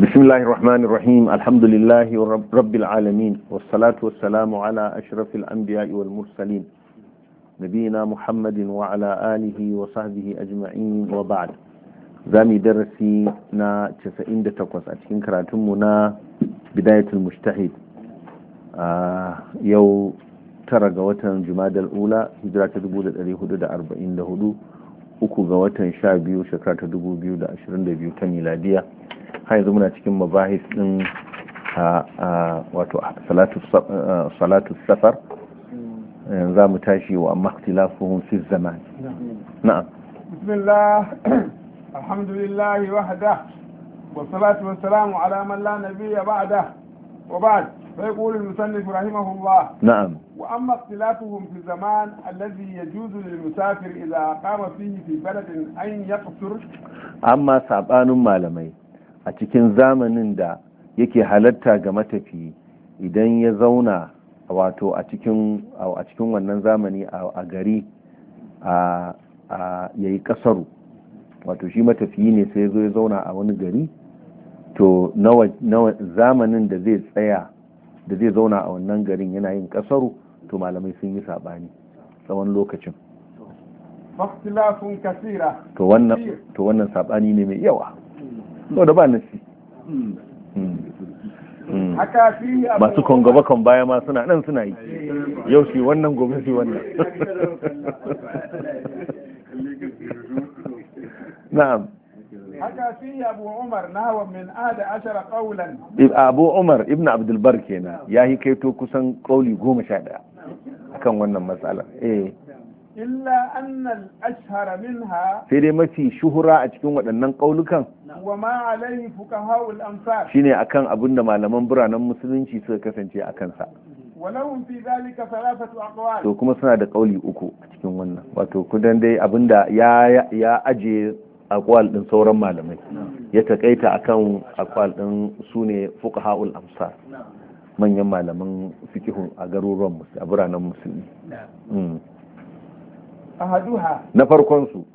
بسم الله الرحمن الرحيم الحمد لله رب العالمين والصلاة والسلام على أشرف الأنبياء والمرسلين نبينا محمد وعلى آله وصحبه أجمعين وبعد زامي درسي نا تسعين دتقوس أتكين كراتمنا بداية المجتهد آه يو ترى قوة الجماد الأولى هجرة دبودة الريهود أربعين دهدو uku ga watan sha biyu shekara ta dubu biyu da ashirin da biyu ta miladiya har yanzu muna cikin mabahis din wato salatu safar za mu tashi wa amma fi zaman na'am bismillah alhamdulillah wahda والصلاة والسلام على من لا نبي بعده وبعد فيقول المصنف رحمه الله نعم وأما اختلافهم في الزمان الذي يجوز للمسافر إذا قام فيه في بلد أن يقصر أما سابان مالمي أتكن زامن دا yake halatta ga matafiyi idan ya zauna wato a cikin a cikin wannan zamani a gari a yayi kasaru wato shi matafiyi ne sai ya zo ya zauna a wani gari to nawa zamanin da zai tsaya da zai zauna a wannan garin yana yin kasaru to malamai sun yi saɓani tsawon lokacin to wannan saɓani ne mai yawa so da ba nasi hmm. hmm. masu kan kan baya ma suna nan suna yi yau shi wannan gobe shi wannan na'am haka fi abu umar nahwa min ada ashara qawlan abu umar ibn abdul bar kenan ya yi kaito kusan kauli goma sha daya akan wannan matsala eh illa annal ashhara minha sai dai mafi shuhura a cikin waɗannan ƙaunukan. wa ma alaihi fuqaha'ul amsar shine akan abin da malaman biranen musulunci suka kasance a kansa walahum fi zalika thalathatu aqwal to kuma suna da ƙauli uku a cikin wannan wato kudan dai abinda ya ya aje akwal din sauran malamai ya takaita akan akwal din sune fuqahaul amsar manyan malaman fikihun a garuruwan a biranen musulmi mm. na farkon su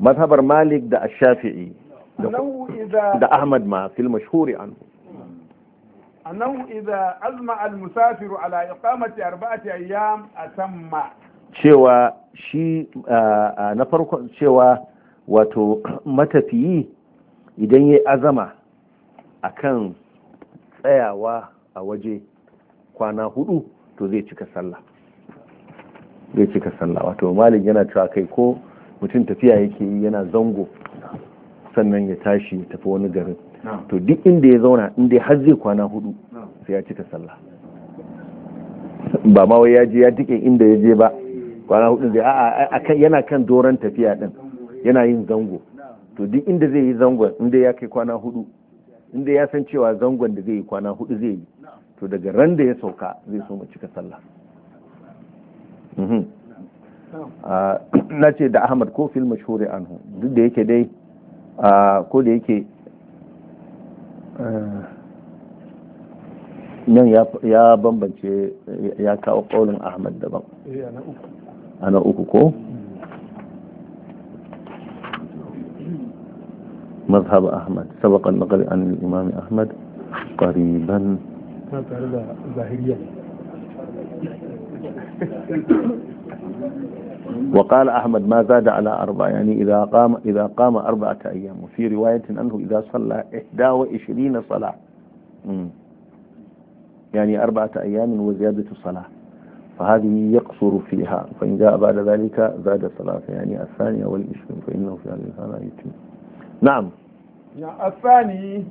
mazhabar malik da shafi'i da ahmad ma fil mashhuri anhu أنه إذا أجمع المسافر على إقامة أربعة أيام أتم cewa shi na farko cewa wato matafiyi idan ya azama a kan tsayawa a waje kwana hudu to zai cika sallah zai cika sallah wato malin yana cewa kai ko mutum tafiya yake yi yana zango sannan ya tashi ya tafi wani garin to duk inda ya zauna inda har zai kwana hudu sai ya cika sallah ba ma wai ya je ya dike inda ya je ba kwana hudu zai a'a yana kan doron tafiya din yana yin zango to duk inda zai yi zangon inda ya kai kwana hudu inda ya san cewa zangon da zai yi kwana hudu zai yi to daga ran da ya sauka zai so mu cika sallah mhm. na ce da ahmad ko fil mashhuri anhu duk da yake dai ko da yake nan ya bambance ya kawo ƙaunin ahmad daban eh, أنا uku مذهب أحمد سبق النقل عن الإمام أحمد قريبا وقال أحمد ما زاد على أربعة يعني إذا قام إذا قام أربعة أيام وفي رواية أنه إذا صلى إحدى وعشرين صلاة يعني أربعة أيام وزيادة صلاة فهذه يقصر فيها فإن جاء بعد ذلك زاد الثلاثة يعني الثانية والعشرين فإنه في هذا يتم نعم الثاني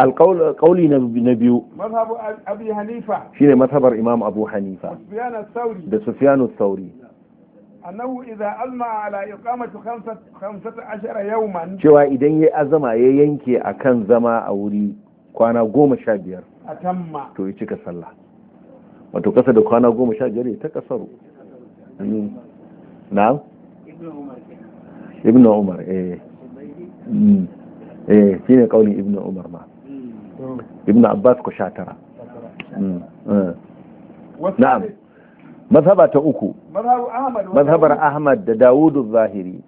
القول قولي نبي نبي مذهب أبي حنيفة شين مذهب الإمام أبو حنيفة سفيان الثوري ده سفيان الثوري أنه إذا أزمع على إقامة خمسة, خمسة عشر يوما شوى إذا يأزمع ينكي أكن زما أوري كوانا قوم شابير أتم تو يتشك صلى wato kasa da kwana goma sha biyar ta kasaru na ibn umar eh mm. eh shi ne kaulin ibn umar ma mm. ibn abbas ko sha tara mm, eh. na'am mazhaba ta uku mazhabar ahmad da dawudu zahiri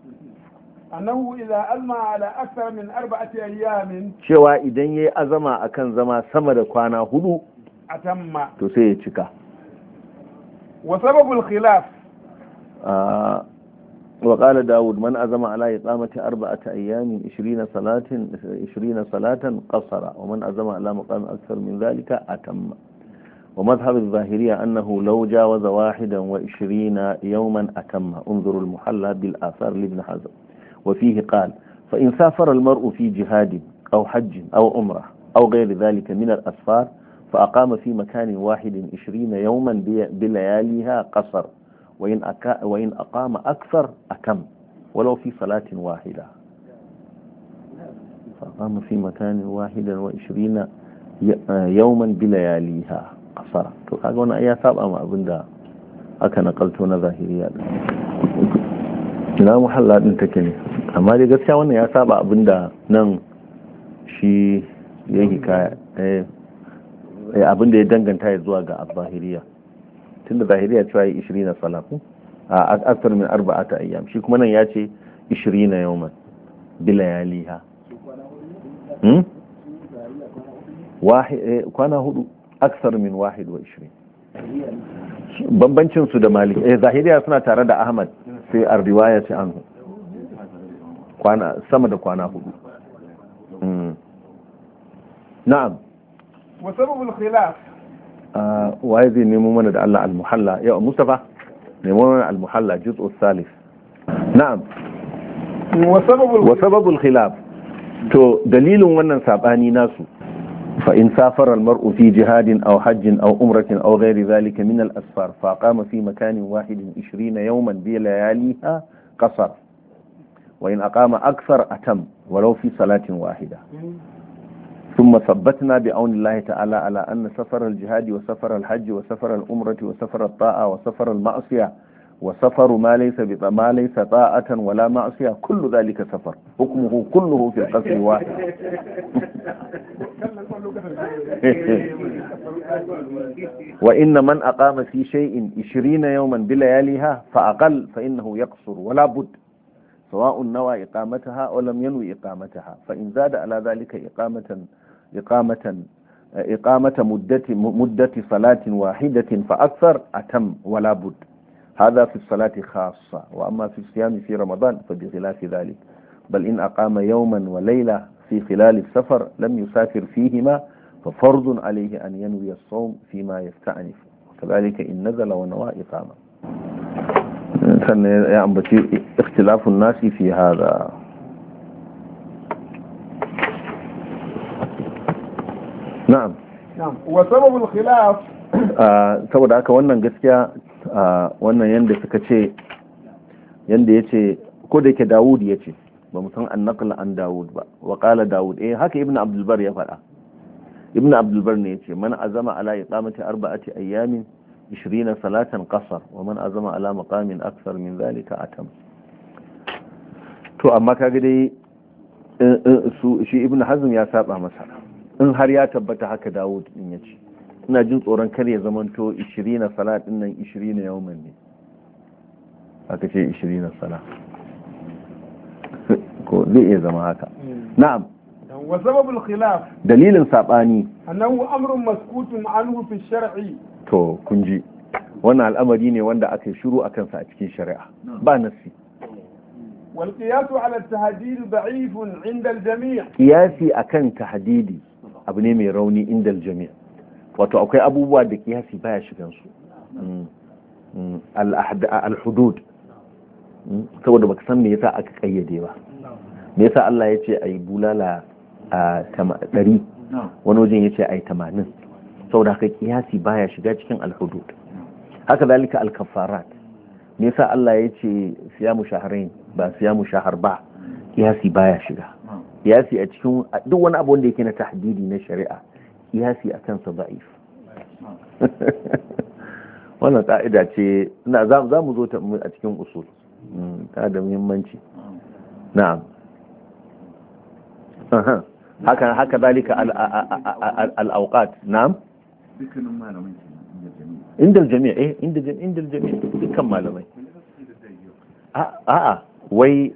annahu idza alma ala akthar min arba'ati ayyamin cewa idan yayi azama akan zama sama da kwana hudu atamma to sai ya cika wa sababul khilaf وقال داود من أزم على إقامة أربعة أيام عشرين صلاة عشرين صلاة قصر ومن أزم على مقام أكثر من ذلك أتم ومذهب الظاهرية أنه لو جاوز واحدا وعشرين يوما أتم انظروا المحلى بالآثار لابن حزم وفيه قال فإن سافر المرء في جهاد أو حج أو أمرة أو غير ذلك من الأسفار فأقام في مكان واحد عشرين يوما بلياليها قصر وإن, أكا وإن أقام أكثر أكم ولو في صلاة واحدة فأقام في مكان واحد وعشرين يوما بلياليها قصر تقول أيها سابقا ما أبن دا aka nakalto na zahiriya din ina muhalla أما لقد ne amma dai gaskiya wannan ya saba abinda nan abin da ya danganta ya zuwa ga zahiriya tunda zahiriya cewa yi na salafu? a aksar min ta ayyam shi kuma nan ya ce 20 yawman ya liha hmm? eh, kwana hudu aksar min wahid wa 20 bambancin su da mali. eh zahiriya suna tare da ahmad sai a riwaya ce an sama da kwana hudu hmm. na'am wa sababul khilaf ah, waye zai nemo mana da Allah al-muhalla ya Mustafa nemo mana al-muhalla juz'u salis na'am wa sababul to dalilin wannan sabani nasu fa in safara al jihadin aw hajjin aw umratin aw ghairi dhalika al-asfar fa qama fi makanin wahidin 20 yawman bi layaliha qasar wa in aqama atam walau salatin wahida hmm. ثم ثبتنا بعون الله تعالى على أن سفر الجهاد وسفر الحج وسفر الأمرة وسفر الطاعة وسفر المعصية وسفر ما ليس ما ليس طاعة ولا معصية كل ذلك سفر حكمه كله في القصر واحد وإن من أقام في شيء عشرين يوما بلياليها فأقل فإنه يقصر ولا بد سواء نوى إقامتها أو لم ينوي إقامتها فإن زاد على ذلك إقامة إقامة إقامة مدة, مدة صلاة واحدة فأكثر أتم ولا بد هذا في الصلاة خاصة وأما في الصيام في رمضان فبخلاف ذلك بل إن أقام يوما وليلة في خلال السفر لم يسافر فيهما ففرض عليه أن ينوي الصوم فيما يستأنف وكذلك إن نزل ونوى إقامة يا أنبتي اختلاف الناس في هذا wa khilaf ah, saboda haka wannan gaskiya ah, wannan yanda suka ce yanda yace ko da yake Dawud yace ba mu san annaqla an Dawud ba wa qala Dawud eh haka Ibn Abdul ya faɗa Ibn Abdul Bar ne yace man azama ala iqamati arba'ati ayamin 20 salatan qasar wa man azama ala maqamin akthar min zalika atam to amma kaga dai eh, eh, su shi Ibn Hazm ya saba masa in har ya tabbata haka dawo din ya ce ina jin tsoron kar ya zamanto 20 na sala din nan 20 na yawman ne aka ce 20 salat, ko zai iya zama haka hmm. na'am wa sababul khilaf dalilin sabani annahu amrun maskutun anhu fi shar'i to kun ji wannan al'amari ne wanda aka shiru a kansa a cikin shari'a ba nasi والقياس على التهديد ضعيف عند الجميع قياسي akan تهديدي abu ne mai rauni indal jami'a wato akwai abubuwa da kiyasi baya shigan su mm. mm. al-hudud mm. saboda baka san me yasa aka kayyade ba me yasa Allah ya ce yi bulala a 100 wani wajen ya ce ayi 80 saboda haka kiyasi baya shiga cikin al-hudud haka zalika al-kaffarat me yasa Allah ya ce siyamu shahrain ba siyamu shahar ba kiyasi baya shiga kiyasi a cikin duk wani abu wanda yake na tahdidi na shari'a kiyasi a kansa da'if wannan ka'ida ce na za mu zo ta a cikin usul hmm, ta da muhimmanci na'am haka haka zalika al-awqat na'am dukkanin jami'a eh inda jami'a dukkan malamai a'a wai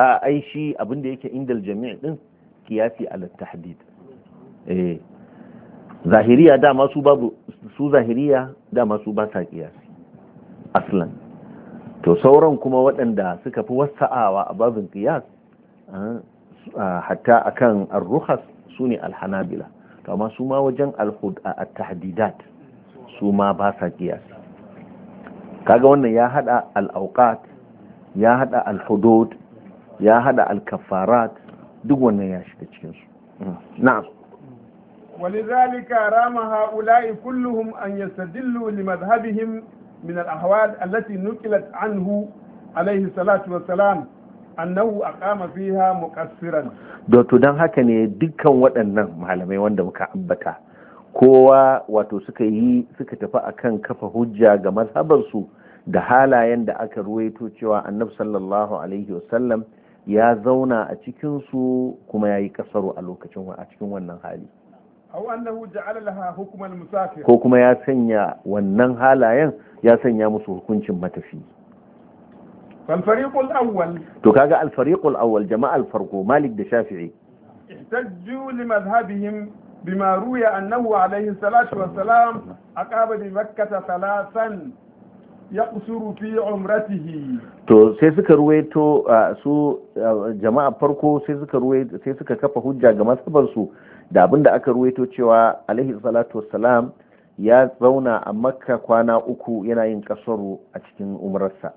a ai shi abinda yake indal jami' din kiyasi ala tahdid eh zahiriya dama su babu su zahiriya dama su ba sa kiyasi aslan to sauran kuma waɗanda suka fi wasa'awa a babin kiyas hatta akan ar ruhas sune al-hanabila to amma su ma wajen al-tahdidat su ma ba sa kiyasi kaga wannan ya hada al-awqat ya hada al-hudud ya hada alkafarat duk wannan ya shiga cikinsu na'am ولذلك رام هؤلاء كلهم أن يستدلوا لمذهبهم من الأحوال التي نقلت عنه alayhi salatu والسلام annahu aqama fiha muqassiran da to dan haka ne dukkan waɗannan malamai wanda muka ambata kowa wato suka yi suka tafi akan kafa hujja ga mazhabar da halayen da aka ruwaito cewa annabi sallallahu alaihi wasallam ya zauna a cikin su kuma yayi kasaru a lokacin a cikin wannan hali ko kuma ya sanya wannan halayen ya sanya musu hukuncin matafi falfariqul awwal to kaga alfariqul awwal jama'al farko malik da shafi'i ihtajju li madhhabihim bima ruya annahu alayhi salatu wassalam aqaba bi makkah thalathan yaqsuru fi umratihi to sai suka ruwaito su jama'a farko sai suka ruwaito sai suka kafa hujja ga masabar su da abinda aka ruwaito cewa alaihi salatu wassalam ya zauna a makka kwana uku yana yin kasaru a cikin umrarsa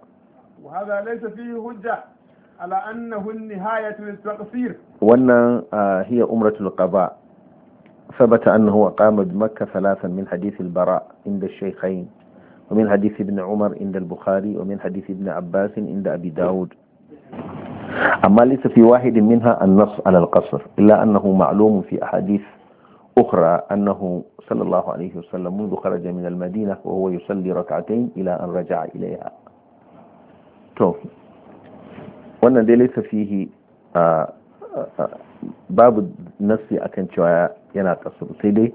wa hadha laysa fihi hujja ala annahu an-nihayatu lit-taqsir wannan hiya umratul qada ثبت أنه قام بمكة ثلاثا من حديث البراء عند الشيخين ومن حديث ابن عمر عند البخاري ومن حديث ابن عباس عند أبي داود أما ليس في واحد منها النص على القصر إلا أنه معلوم في أحاديث أخرى أنه صلى الله عليه وسلم منذ خرج من المدينة وهو يصلي ركعتين إلى أن رجع إليها to wannan dai laisa fihi babu nassi akan cewa yana kasu sai dai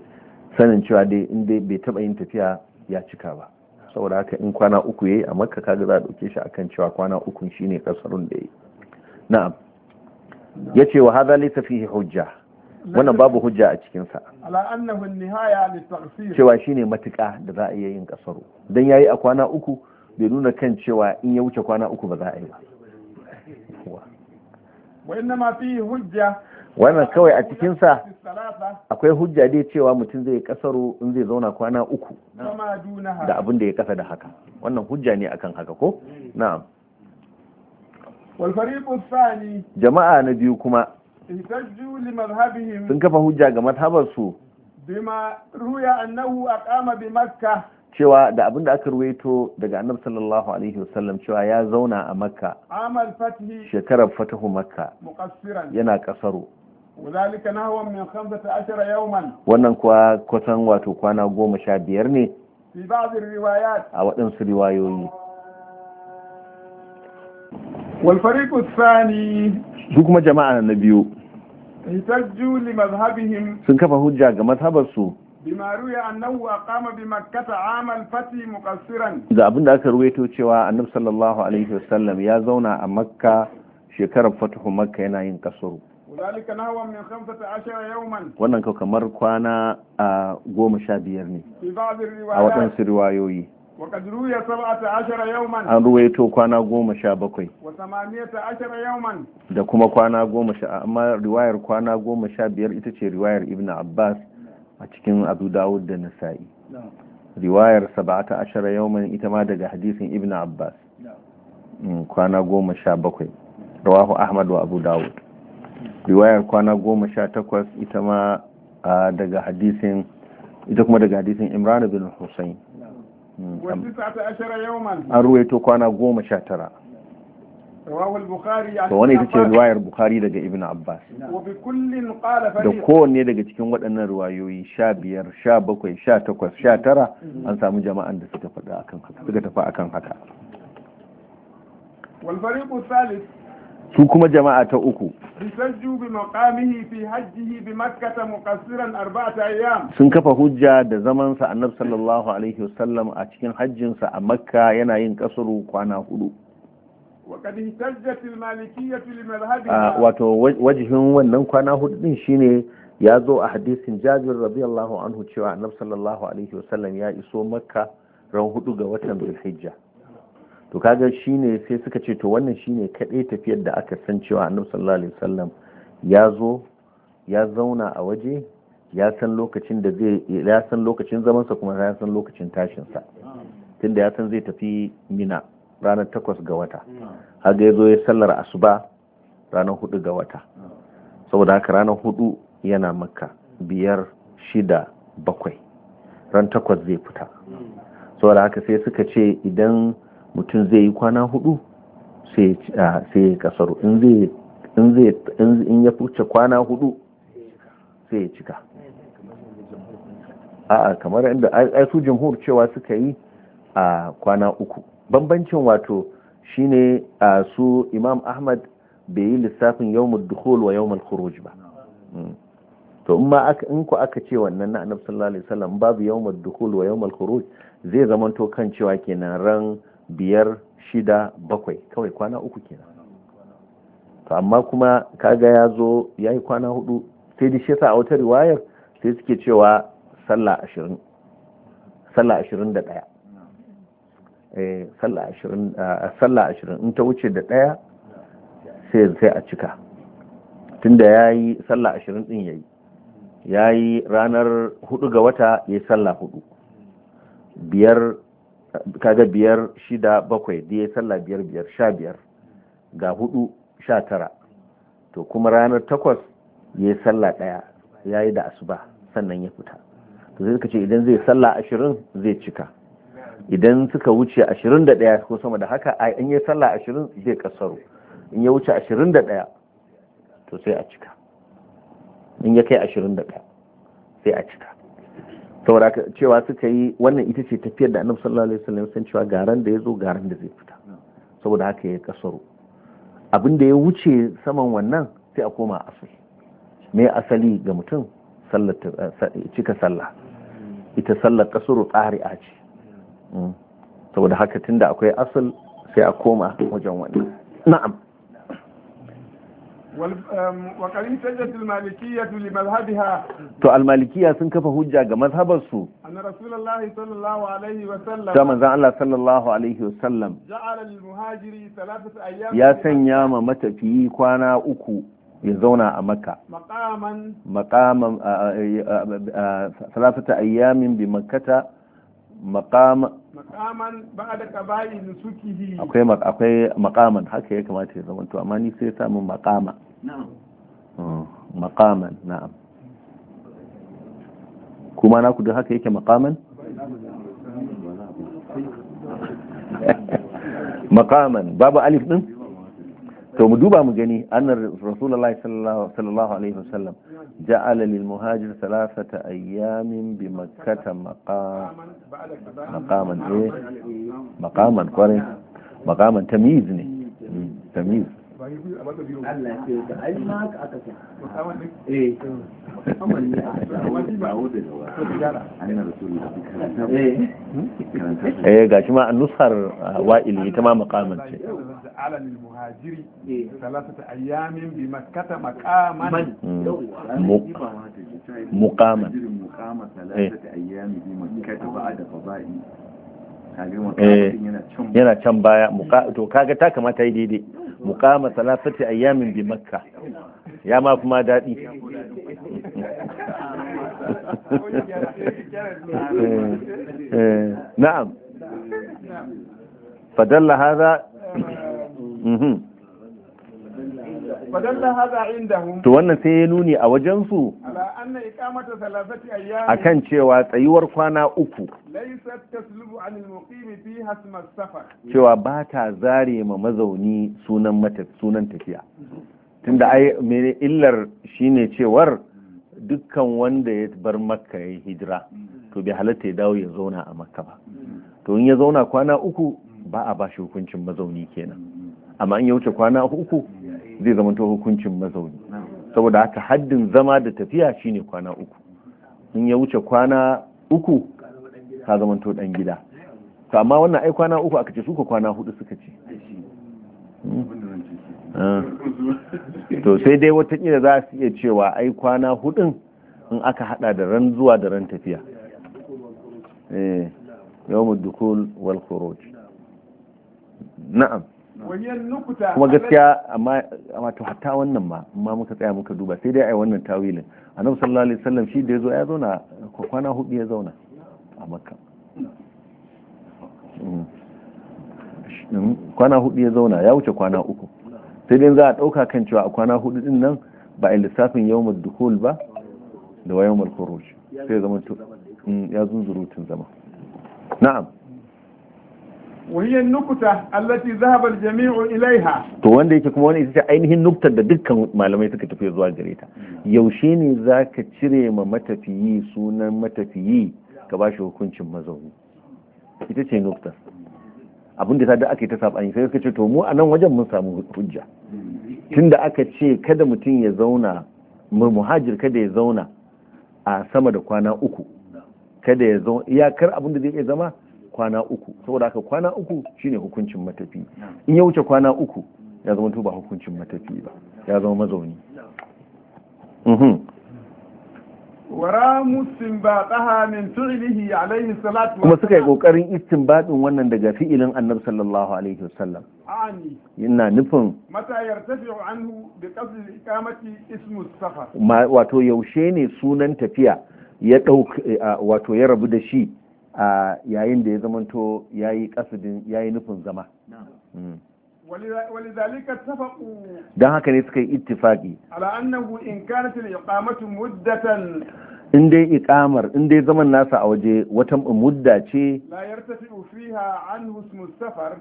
sanin cewa dai inda bai taba yin tafiya ya cika ba saboda haka in kwana uku yayi a makka kaga za a dauke shi akan cewa kwana uku shine kasarun da yayi na'am yace wa hadha laysa fihi hujja wannan babu hujja a cikin sa ala annahu an-nihaya taqsir cewa shine matuka da za a iya yin kasaro dan yayi a kwana uku bai nuna kan cewa in ya wuce kwana uku ba za a yi ba wa inna ma fihi hujja wannan kawai a cikinsa akwai hujja dai cewa mutum zai kasaro in zai zauna kwana uku da abin da ya kasa da haka wannan hujja ne akan haka ko na'am jama'a na biyu kuma sun kafa hujja ga mazhabarsu bima ruya annahu aqama bi cewa da abin da aka ruwaito daga annabi sallallahu alaihi wasallam cewa ya zauna a makka shekarar fatahu makka yana kasaro na hawan min ashara yawman wannan kuwa kusan wato kwana 15 ne fi ba'd riwayat a waɗansu riwayoyi wal fariqu thani duk kuma jama'a na biyu ihtajju li madhhabihim sun kafa hujja ga madhabarsu bima ruya annahu aqama bi makkata am al fati muqassiran da abinda aka ruwaito cewa annabi sallallahu alaihi wasallam ya zauna a makka shekarar fatuhu makka yana yin kasuru wannan kau kamar kwana a goma sha biyar ne a waɗansu riwayoyi An روي سبعة عشر يوما أن رويتو da kuma kwana goma sha amma riwayar kwana goma sha biyar ita ce riwayar ibn abbas a cikin abu dawud da nasa'i riwayar saba'ata ashara yawman ita ma daga hadisin ibn abbas mm, kwana goma sha bakwai rawahu ahmad wa abu dawud riwayar kwana goma sha takwas ita ma daga hadisin ita kuma daga hadisin imran bin hussein hmm, an ruwaito kwana goma sha tara to wani ita ce riwayar bukari daga ibn abbas da kowanne daga cikin waɗannan riwayoyi sha biyar sha bakwai sha takwas sha tara an samu jama'an da suka tafi akan haka su kuma jama'a ta uku sun kafa hujja da zamansa annabi sallallahu alaihi wasallam a cikin hajjinsa a makka yana yin kasuru kwana hudu wato wajihin wannan kwana hudu din shine ya zo a hadisin jabir radiyallahu anhu cewa annabi sallallahu alaihi wasallam ya iso makka ran hudu ga watan dhul-hijjah to kaga shine sai suka ce to wannan shine kadai tafiyar da aka san cewa annabi sallallahu alaihi wasallam ya zo ya zauna a waje ya san lokacin da zai ya san lokacin zamansa kuma ya san lokacin tashinsa tunda ya san zai tafi mina ranar takwas ga wata haga ya zo ya sallar asuba ranar hudu ga wata saboda haka ranar hudu yana makka biyar shida bakwai ran takwas zai fita saboda haka sai suka ce idan mutum zai yi kwana hudu sai ya kasaru in ya fuce kwana hudu sai ya cika a kamar inda su jamhur cewa suka yi a kwana uku bambancin wato shine a su imam ahmad bai yi lissafin yawmul dukhul wa yawmul khuruj ba mm. to in ma aka in ku aka ce wannan na annabi sallallahu alaihi wasallam babu yawmul dukhul wa yawmul khuruj zai zamanto kan cewa kenan ran biyar shida bakwai kawai kwana uku kenan to amma kuma kaga ya zo ya yi kwana hudu sai da shi a wata riwayar sai suke cewa sallah ashirin da ɗaya eh, sallah ashirin in ta wuce da ɗaya sai a cika tunda ya yi sallah ashirin ɗin ya yi ya yi ranar hudu ga wata ya yi sallah hudu biyar kaga biyar shida bakwai da ya sallah biyar biyar sha biyar ga hudu sha tara to kuma ranar takwas ya yi sallah daya ya yi da asuba sannan ya fita to sai suka ce idan zai sallah ashirin zai cika idan suka wuce ashirin da daya ko sama da haka a in ya sallah ashirin zai kasaro in ya wuce ashirin da daya to sai a cika in ya kai ashirin da daya sai a cika saboda cewa suka yi wannan ita ce tafiyar da annabi sallallahu alaihi wasallam san cewa garan da ya zo garan da zai fita saboda haka ya kasaro abin da ya wuce saman wannan sai a koma asali me asali ga mutum eh, cika salla ita sallar kasaro a ce mm. saboda haka tunda akwai asal sai a koma wajen wannan na'am وقد احتجت المالكية لمذهبها تو المالكية سن كفا حجة ga mazhabar su أن رسول الله صلى الله عليه وسلم كما زعل الله صلى الله عليه وسلم جعل للمهاجر ثلاثة أيام يا سنيا ما متفي كوانا uku ya zauna a makka maqaman salatata ayyamin bi makkata maqam makaman ba kabayi da suki akwai akwai makaman haka ya kamata ya zama to amma ni sai samun makama na'am mm, makaman na'am kuma na kudu haka yake makaman makaman babu alif din to mu duba mu gani annar rasulullahi sallallahu alaihi wasallam ja'ala lil muhajir thalathata ayyamin bi makkata maqaman eh maqaman kwarai maqaman tamyiz ne tamyiz ba yi biyu a maka ya ma haka aka eh. Eh, eh, wa'ili ita ma ce muhajiri salatata bi salatata bi yana can baya to kaga ta kamata yi daidai muqama salasati ayyamin bi makka ya ma kuma daɗi eh, eh, na'am fadalla hadha mhm. to wannan sai ya nuni a wajensu a kan cewa tsayuwar kwana uku cewa ba ta zare ma mazauni sunan tafiya tunda ai illar shine cewar dukkan wanda ya bar makka ya hijira to bai halatta ya dawo ya zauna a makka ba to in ya zauna kwana uku ba a bashi hukuncin mazauni kenan amma in ya wuce kwana uku zai zama to hukuncin mazauni saboda haka haddin zama da tafiya shine kwana uku in ya wuce kwana uku ka zama to dan gida to amma wannan ai kwana uku aka ce suka kwana hudu suka ce hmm? ah. to sai dai watakila za su iya cewa ai kwana hudun in aka hada da ran zuwa da ran tafiya eh. yawon dukul wal khuruj na'am kuma gaskiya amma to hatta wannan ma amma muka tsaya muka duba sai dai a wannan tawilin annabi sallallahu alaihi wasallam shi da yazo ya zauna kwana hudu ya zauna a makka mm. Mm. kwana hudu ya zauna ya wuce kwana uku sai dai za a dauka kan cewa a kwana hudu din nan ba a lissafin yawmul dukhul ba da yawmul khuruj sai zaman mm, ya zunzurutun zama na'am wahiyar nukuta allati zahabar jami'u ilaiha to wanda yake kuma wani ita ce ainihin nuktar da dukkan malamai suka tafi zuwa gare ta yaushe ne zaka cire ma matafiyi sunan matafiyi ka ba shi hukuncin mazauni ita ce nuktar abin da ta da aka yi ta saɓani sai suka ce to mu a nan wajen mun samu hujja tunda aka ce kada mutum ya zauna muhajir kada ya zauna a sama da kwana uku kada ya zauna iyakar abin da zai iya zama kwana uku saboda haka kwana uku shine hukuncin matafi in ya wuce kwana uku ya zama tuba ba hukuncin matafi ba ya zama mazauni mhm. wara mustinbataha min fi'lihi alayhi salatu kuma suka yi kokarin baɗin wannan daga fi'ilin annabi sallallahu alaihi wasallam yana nufin mata yartafi'u anhu bi qasdi iqamati ismu safar wato yaushe ne sunan tafiya ya wato ya rabu da shi a yayin da ya zamanto ya yi kasudin ya yi nufin zama mm. don haka ne suka yi ittifaki in dai ikamar in dai zaman nasa a waje wata mudda ce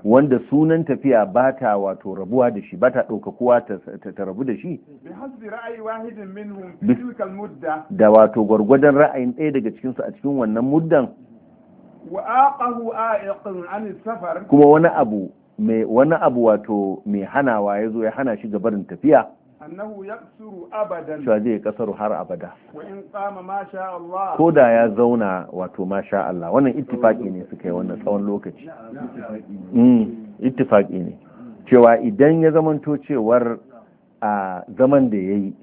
wanda sunan tafiya ba ta wato rabuwa da shi ba ta ɗaukakuwa ta rabu da shi da wato gwargwadon ra'ayin ɗaya daga cikinsu a cikin wannan muddan kuma wani abu mai wani abu wato mai hanawa ya zo ya hana shi ga barin tafiya annahu yaksuru abadan cewa zai kasaru har abada wa in qama ma sha Allah ko da ya zauna wato ma sha Allah wannan ittifaki ne suka yi wannan tsawon lokaci mm ittifaki ne cewa idan ya zamanto cewar a zaman da yayi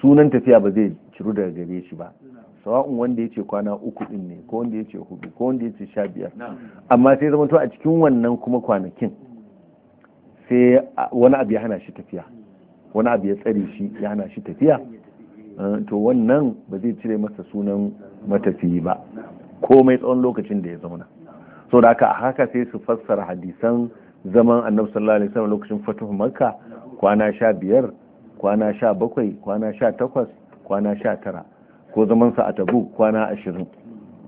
sunan tafiya ba zai ciru daga gare shi ba sawa'un wanda ya ce kwana uku din ne ko wanda ya ce hudu ko wanda ya ce sha biyar amma sai zama to a cikin wannan kuma kwanakin sai wani abu ya hana shi tafiya wani abu ya tsare shi ya hana shi tafiya eh, to wannan ba zai cire masa sunan matafiyi ba komai tsawon lokacin da ya zauna so da haka haka sai su fassara hadisan zaman annabi sallallahu alaihi wasallam lokacin fatuhu makka kwana sha biyar kwana sha bakwai kwana sha takwas kwana sha tara ko zamansa a tabu kwana ashirin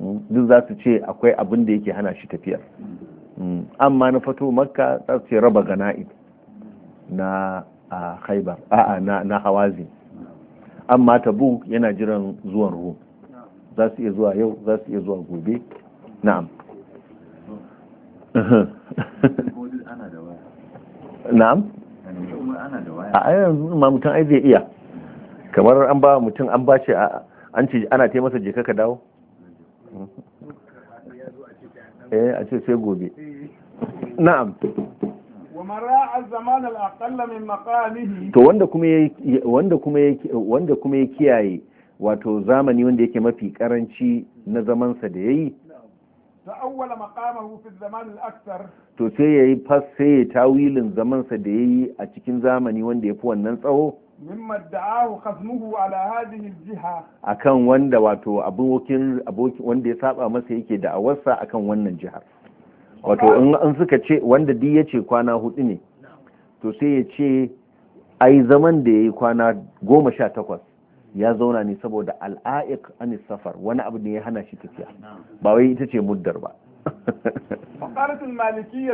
mm, duk za su ce akwai abin da yake hana shi tafiyar mm, amma na fato makka za su ce raba gana'id na haibar a'a na hawazi amma tabu yana jiran zuwan ruhu za su iya zuwa yau za su iya zuwa gobe na'am na'am a yanzu ma mutum ai zai iya kamar an ba mutum an ba ce a an ce ana ce masa jeka ka dawo eh a ce sai gobe na'am to wanda kuma ya kiyaye wato zamani wanda yake mafi karanci na zamansa da yayi yi to sai yayi fas sai tawilin zamansa da yayi a cikin zamani wanda ya fi wannan tsawo da ahu kasmuhu ala jiha akan wanda wato abokin abokin wanda ya saba masa yake da awarsa akan wannan jihar wato in an suka ce wanda duk yace kwana hudu ne to sai ya ce ai zaman da yayi kwana goma sha takwas ya zauna ne saboda al'aik anis safar wani abu ne ya hana shi tafiya ba wai ita ce muddar ba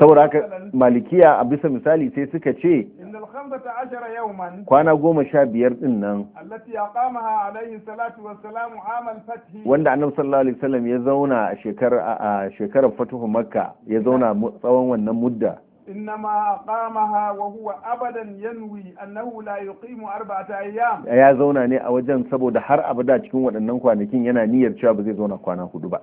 saboda haka malikiya a bisa misali sai suka ce kwana goma sha biyar din nan wanda annabi sallallahu alaihi wasallam ya zauna a shekarar fatuhu makka ya zauna tsawon wannan mudda إنما أقامها وهو أبدا ينوي أنه لا يقيم أربعة أيام يا زونا har abada cikin waɗannan kwanakin yana niyyar cewa ba zai zauna kwana hudu ba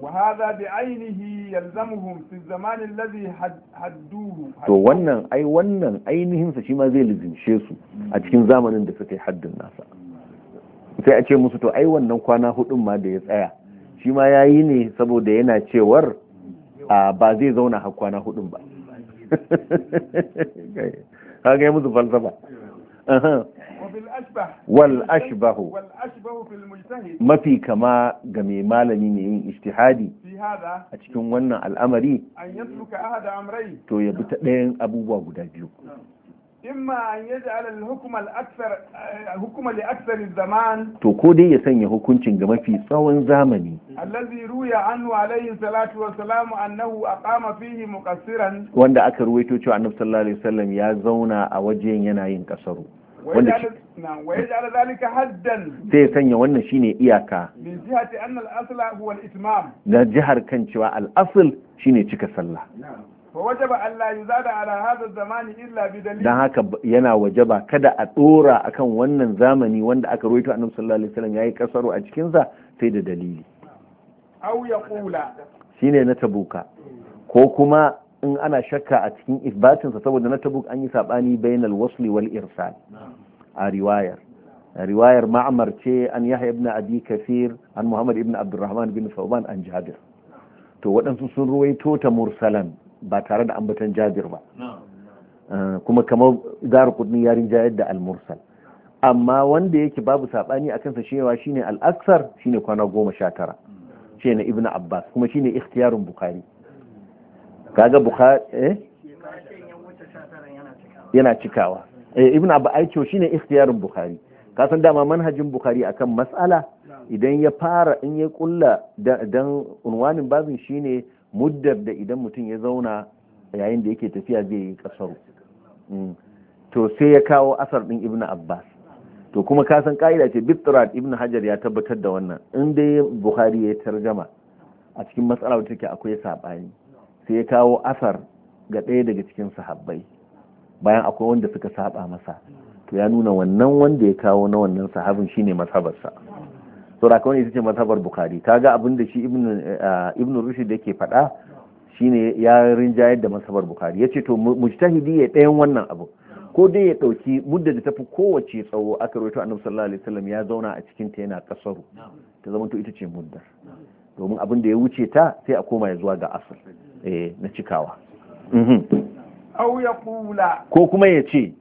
وهذا بعينه يلزمهم في الزمان الذي حدوه to wannan ai wannan ainihin sa shi ma zai lizinshe su a cikin zamanin da suka yi haddin nasa sai a ce musu to ai wannan kwana hudun ma da ya tsaya shi ma yayi ne saboda yana cewar ba zai zauna har kwana hudun ba kaga musu falsafa wal ashbahu mafi kama ga mai malami ne yin ijtihadi a cikin wannan al'amari to ya bi ta ɗayan abubuwa guda biyu imma an yaj'al al-hukm al-akthar eh, hukm li-akthar akthar zaman to ko dai ya sanya hukuncin ga mafi tsawon zamani allazi ruya anhu alayhi salatu wa salam annahu aqama fihi muqassiran wanda aka ruwaito cewa annabi sallallahu alaihi ya zauna a wajen yana yin kasaru wanda shi sai sanya wannan shine iyaka na jihar kan cewa al'asul shine cika sallah don haka yana wajaba kada a ɗora akan wannan zamani wanda aka roito annabi sallallahu alaihi wasallam yayi kasaro a cikinsa sai da dalili aw yaqula shine na tabuka ko kuma in ana shakka a cikin isbatinsa saboda na tabuk an yi saɓani bainal wasli wal irsal a riwayar riwayar ma'amar ce an yahya ibn abi kafir an muhammad ibn abdurrahman bin sauban an jabir to waɗansu sun ruwaito ta mursalan ba tare da ambatan jabir ba eh, kuma kamar zara kudin yarin jayar da al-mursal amma wanda yake babu saɓani a kansa shewa shine al-aksar shine kwana goma sha tara hmm. shine ibn abbas kuma shine ikhtiyarun bukhari kaga bukhari eh yana cikawa eh ibn abu aicho shine ikhtiyarin bukhari ka san dama manhajin bukhari akan mas'ala idan ya fara in ya kulla dan unwanin babin shine muddar da idan mutum ya zauna yayin da yake tafiya zai yi kasaru mm. to sai ya kawo asar din ibn abbas to kuma ka san ka'ida ce bitrat ibn hajar ya tabbatar da wannan in dai bukhari ya tarjama a cikin matsala wata take akwai sabani sai ya kawo asar ga ɗaya daga cikin sahabbai bayan akwai wanda suka saba masa to ya nuna wannan wanda ya kawo na wannan sahabin shine sa to da kawai ita ce mazhabar bukhari kaga abin da shi ibnu eh, ibnu rushd yake faɗa shine ya rinjayar da mazhabar bukhari yace to mujtahidi ya ɗayan wannan abu ko dai ya ɗauki mudda da tafi kowace tsawo aka rawaito annabi sallallahu alaihi wasallam ya zauna a cikin ta yana kasaru ta zama to ita ce muddar domin abin da ya wuce ta sai a koma ya zuwa ga asali Eh, na cikawa mhm. Au ya kula ko kuma ya ce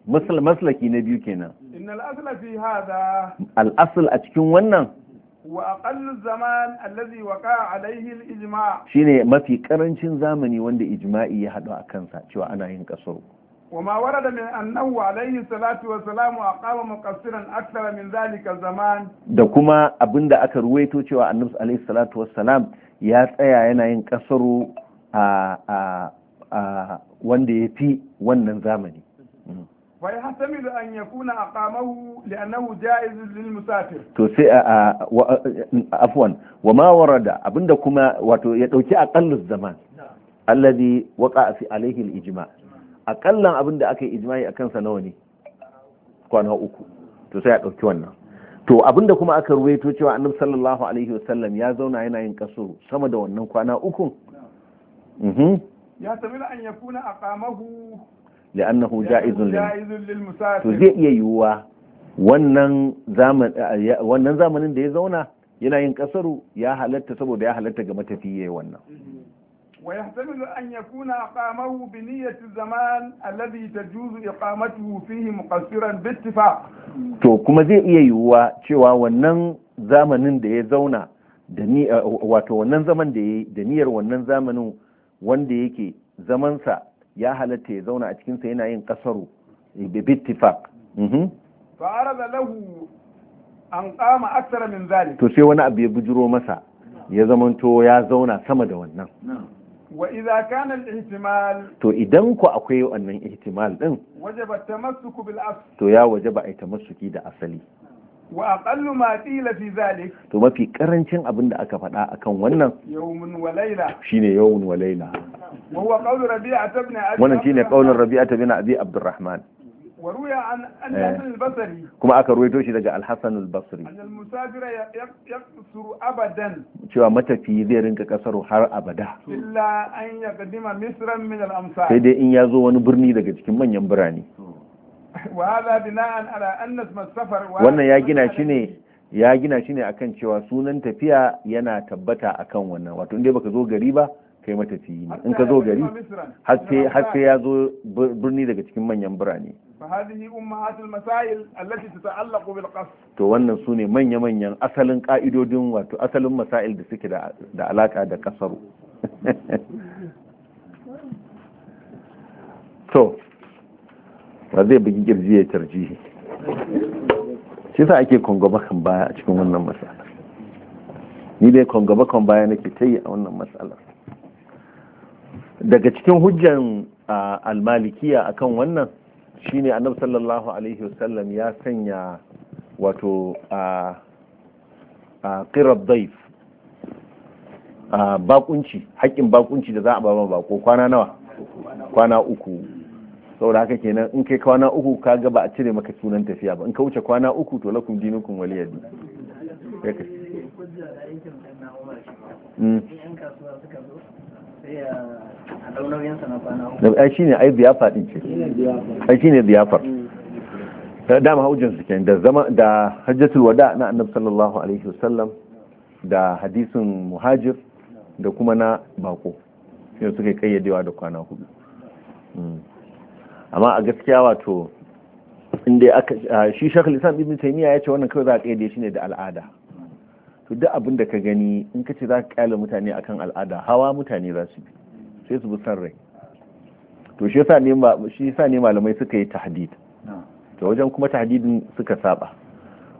maslaki na biyu kenan innal asla fi hada Al'asul a cikin wannan wa aqallu zaman allazi waqa alayhi al ijma shine mafi karancin zamani wanda ijma'i ya hadu a kansa cewa ana yin kaso وما ورد من أنه عليه الصلاة والسلام أقام مقصرا أكثر من ذلك الزمان da kuma abinda aka ruwaito cewa annabi alaihi salatu salam ya tsaya yana yin kasaro wanda ya fi wannan zamani wai da an yakuna aqamahu li'annahu jaizu lil musafir to sai afwan wa ma warada abinda kuma wato ya dauki aqallus zaman alladhi a fi alayhi al ijma aqallan abinda aka yi ijma'i akan sa nawa ne kwana uku to sai a dauki wannan to abinda kuma aka ruwaito cewa annabi sallallahu alaihi wasallam ya zauna yana yin kaso sama da wannan kwana uku Mhm. ya tamila an yakuna aqamahu li'annahu ja'izun lil to zai iya yiwuwa wannan wannan zamanin da ya zauna yana yin kasaru ya halatta saboda ya halatta ga matafiye yayi wannan ويحتمل أن يكون أقامه zaman الزمان الذي تجوز إقامته فيه مقصرا باتفاق to kuma zai iya yiwuwa cewa wannan zamanin da ya zauna wato wannan zaman da ya da niyyar wannan zamanin wanda yake zamansa ya halatta ya zauna a cikinsa yana yin kasaru mhm. Fa fa'arada lahu an kama aksara min zalik to sai wani abu ya bujiro masa ya zamanto ya zauna sama da wannan wa idza kana al to idan ku akwai wannan ihtimal din wajaba tamassuku bil asl to ya wajaba ai tamassuki da asali wa aqallu ma qila fi zalik to mafi karancin abin da aka faɗa akan wannan yawmun wa layla shine yawmun wa layla wa huwa qawlu rabi'a ibn abi wannan shine qawlin rabi'a ibn abi abdurrahman وروي عن الحسن basri kuma aka ruwaito shi daga al-Hasan al-Basri annal musafira yaqsuru abadan cewa matafi zai rinka kasaro har abada illa an yaqdima misran min al-amsar sai dai in yazo wani birni daga cikin manyan birane wannan ya gina shi ne ya gina shi ne akan cewa sunan tafiya yana tabbata akan wannan wato inda baka zo gari ba kai matafiyi ne in ka zo gari har sai ya zo birni daga cikin manyan birane to wannan su ne manya-manyan asalin ka'idodin wato asalin masail da suke da alaka da kasaru to ba zai bugi girji ya tarji? shi sa ake kongobakan baya a cikin wannan matsalar ni dai kongobakan baya nake ta yi a wannan matsalar daga cikin hujjan almalikiya kan wannan ne annabi sallallahu alaihi wasallam ya sanya wato a ƙirar daif bakunci haƙƙin bakunci da za a ba bako kwana nawa kwana uku saboda haka kenan in kai kwana uku ka ga ba a cire maka sunan tafiya ba in ka wuce kwana uku to lakum dinukum waliyadi hmm. ai shi ne ai biyafa din ce ai shine biyafar dama haujin su kenan da zama da hajjatul wada na annabi sallallahu alaihi wasallam da hadisin muhajir da kuma na bako sai suka kayyadewa da kwana hudu hmm. amma a gaskiya wato inda aka shi shakali islam ibn taymiya ya ce wannan kawai za a kaide shi ne da al'ada to duk abin da ka gani in ka ce za ka kyale mutane akan al'ada hawa mutane za su bi sai su bi san rai to shi yasa ne shi yasa ne malamai suka yi tahdid to wajen kuma tahdidin suka saba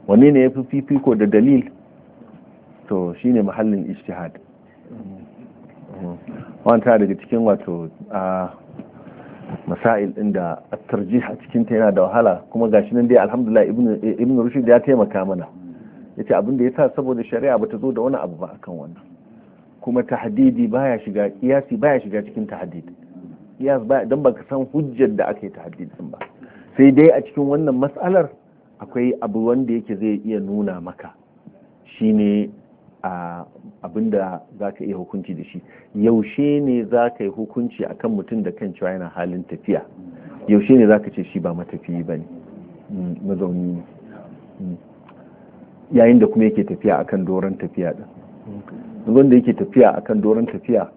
wanne ne yafi fifiko da dalil to shine mahallin ijtihad wannan ta daga cikin wato masail ɗin da tarjih a cikin ta yana da wahala kuma gashi nan dai alhamdulillah ibn rushd ya taimaka mana yace abin da sa saboda shari'a bata zo da wani abu ba akan wannan kuma tahdidi baya shiga kiyasi baya shiga cikin tahdid kiyas ba dan baka san hujjar da aka yi tahdid din ba sai dai a cikin wannan mas'alar akwai abu wanda yake zai iya nuna maka shine abinda za ka iya hukunci da shi yaushe ne za ka yi hukunci a kan mutum da kan cewa yana halin tafiya yaushe ne za ka ce shi ba matafiyi ba ne mm, mazauni ne mm. yayin da kuma yake tafiya akan doron tafiya da wanda yake tafiya akan doron tafiya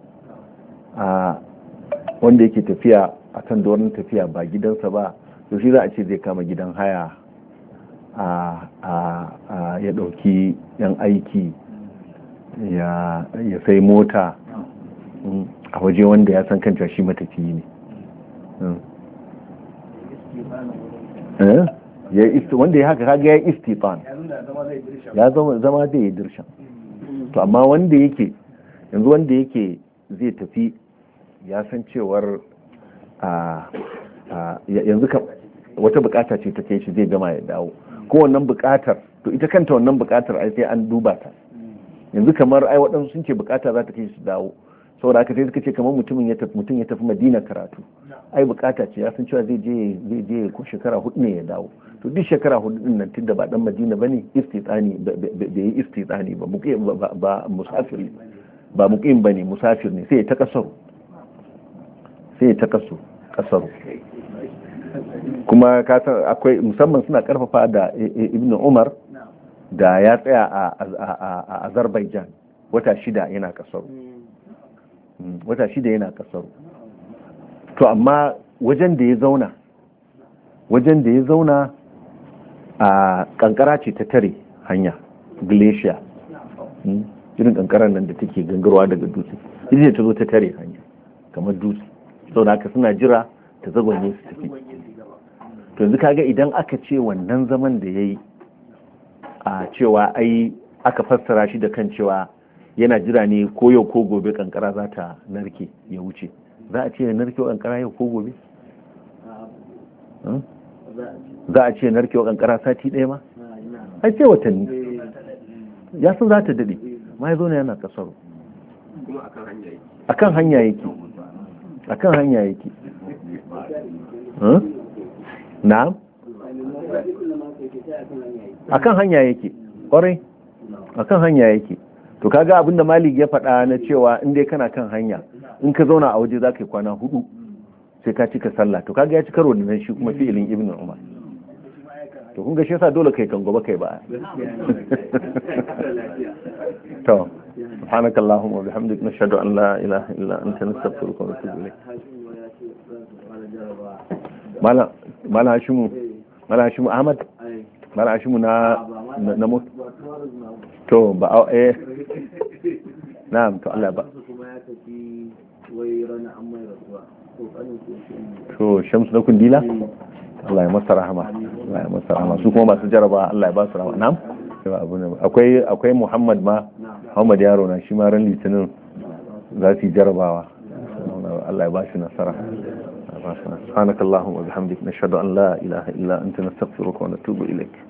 a wanda yake tafiya akan doron tafiya ba gidansa ba yaushe za a ce zai kama gidan haya a ya ɗauki 'yan aiki ya sai mota mm, a waje wanda ya san kanta shi matafiyi ne mm. eh? wanda ya haka kaga ya istifan ya zama zai yi dirshan to amma wanda yake yanzu wanda yake zai tafi ya san cewar yanzu ka wata bukata ce ta ke shi zai gama ya dawo ko wannan bukatar to ita kanta wannan bukatar ai sai an duba ta yanzu kamar ai waɗansu sun ce bukata za ta kai su dawo saboda haka sai suka ce kamar mutumin ya tafi mutum ya tafi madina karatu ai bukata ce ya san cewa zai je zai je shekara hudu ne ya dawo to duk shekara hudu din nan tunda ba dan madina bane istitsani bai yi istitsani ba ba musafir ba muqim bane musafir ne sai ya takasaru sai ya takasu kasaru kuma ka san akwai musamman suna karfafa da e, e, ibnu umar da ya tsaya a azerbaijan wata shida yana kasaru hmm, wata shida yana kasaru to amma wajen da ya zauna wajen da ya zauna a kankara ce ta tare hanya glacier hmm, irin kankarar nan da take gangarwa daga dutse ita ta zo ta tare hanya kamar dutse sau da aka suna jira ta zagonye su tafi to yanzu kaga idan aka ce wannan zaman da ya yi a cewa ai aka fassara shi da kan cewa yana jira ne ko yau ko gobe kankara za ta narke ya wuce za a ce ya narke wa kankara yau ko gobe za a ce narke wa kankara sati ɗaya ma ai ce watanni ya san za ta daɗe ma ya zo ne yana kasaro akan hanya yake akan hanya yake na'am akan hanya yake kwarai akan hanya yake to kaga abinda malik ya faɗa na cewa inda kana kan hanya in ka zauna a waje za ka yi kwana hudu sai ka cika sallah to kaga ya ci karo da shi kuma fi'ilin ibn umar to kun ga shi yasa dole kai kan gobe kai ba to subhanakallahumma wa bihamdika nashhadu an la ilaha illa anta nastaghfiruka wa natubu ilayk mala mala shimu mala shimu ahmad mala ashimu na na mutu to ba a eh na'am to Allah ba to shamsu na kundila Allah ya masa rahama Allah ya masa rahama su kuma masu jaraba Allah ya ba su rahama na'am akwai akwai Muhammad ma Muhammad yaro na shi ma ran litinin za su yi jarabawa Allah ya ba shi nasara سبحانك اللهم وبحمدك نشهد أن لا إله إلا أنت نستغفرك ونتوب إليك